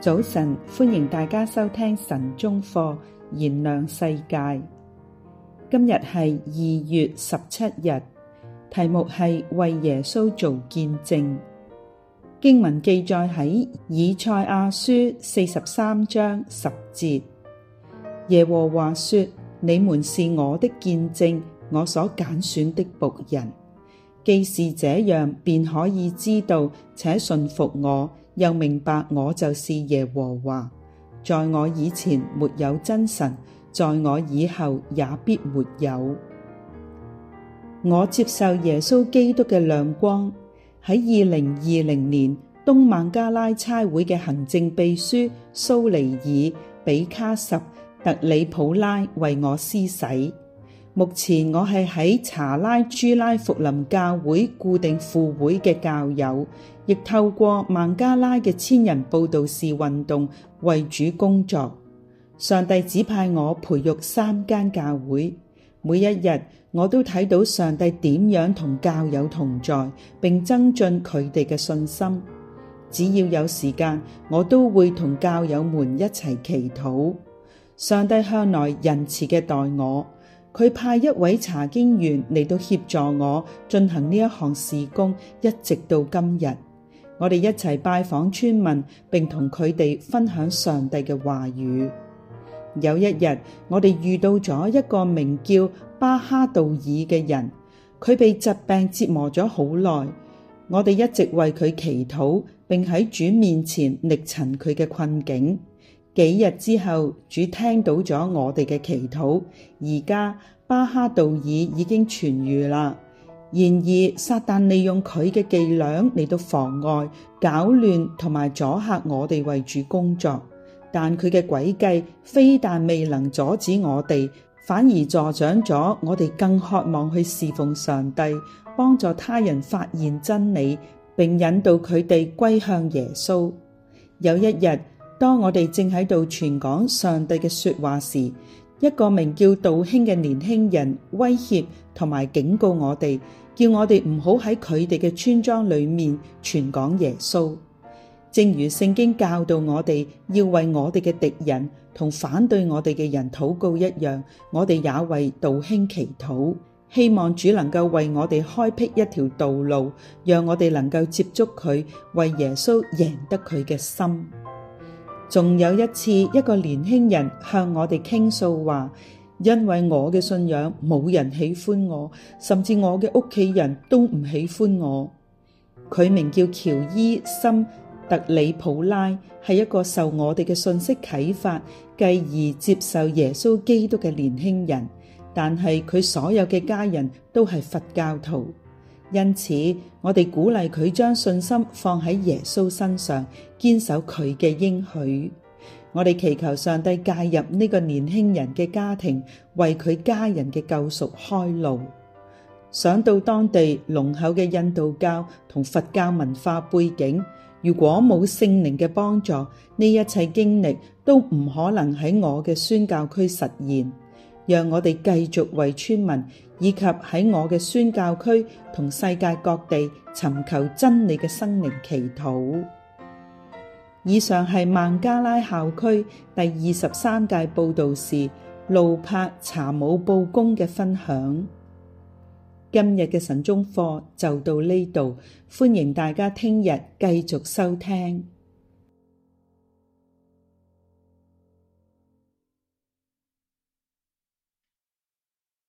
早晨，歡迎大家收聽晨鐘課，燃亮世界。今日係二月十七日，題目係為耶穌做見證。經文記載喺以賽亞書四十三章十節，耶和華說：你們是我的見證，我所揀選的僕人。既是這樣，便可以知道且信服我。又明白我就是耶和華，在我以前沒有真神，在我以後也必沒有。我接受耶穌基督嘅亮光。喺二零二零年東孟加拉差會嘅行政秘書蘇尼爾比卡什特里普拉為我施洗。目前我係喺查拉朱拉福林教會固定赴會嘅教友，亦透過孟加拉嘅千人佈道士運動為主工作。上帝指派我培育三間教會，每一日我都睇到上帝點樣同教友同在，並增進佢哋嘅信心。只要有時間，我都會同教友們一齊祈禱。上帝向來仁慈嘅待我。佢派一位查經員嚟到協助我進行呢一項事工，一直到今日。我哋一齊拜訪村民，並同佢哋分享上帝嘅話語。有一日，我哋遇到咗一個名叫巴哈道爾嘅人，佢被疾病折磨咗好耐。我哋一直為佢祈禱，並喺主面前力陳佢嘅困境。幾日之後，主聽到咗我哋嘅祈禱，而家巴哈道爾已經痊癒啦。然而，撒旦利用佢嘅伎倆嚟到妨礙、搞亂同埋阻吓我哋為主工作。但佢嘅詭計非但未能阻止我哋，反而助長咗我哋更渴望去侍奉上帝，幫助他人發現真理，並引導佢哋歸向耶穌。有一日。當我哋正喺度傳講上帝嘅說話時，一個名叫道兄嘅年輕人威脅同埋警告我哋，叫我哋唔好喺佢哋嘅村莊裏面傳講耶穌。正如聖經教導我哋要為我哋嘅敵人同反對我哋嘅人禱告一樣，我哋也為道兄祈禱，希望主能夠為我哋開闢一條道路，讓我哋能夠接觸佢，為耶穌贏得佢嘅心。仲有一次，一個年輕人向我哋傾訴話，因為我嘅信仰冇人喜歡我，甚至我嘅屋企人都唔喜歡我。佢名叫喬伊森特里普拉，係一個受我哋嘅信息啟發，繼而接受耶穌基督嘅年輕人。但係佢所有嘅家人都係佛教徒。因此，我哋鼓勵佢將信心放喺耶穌身上，堅守佢嘅應許。我哋祈求上帝介入呢個年輕人嘅家庭，為佢家人嘅救贖開路。想到當地濃厚嘅印度教同佛教文化背景，如果冇聖靈嘅幫助，呢一切經歷都唔可能喺我嘅宣教區實現。讓我哋繼續為村民以及喺我嘅宣教區同世界各地尋求真理嘅生靈祈禱。以上係孟加拉校區第二十三屆佈道士，路柏查姆布公嘅分享。今日嘅晨鐘課就到呢度，歡迎大家聽日繼續收聽。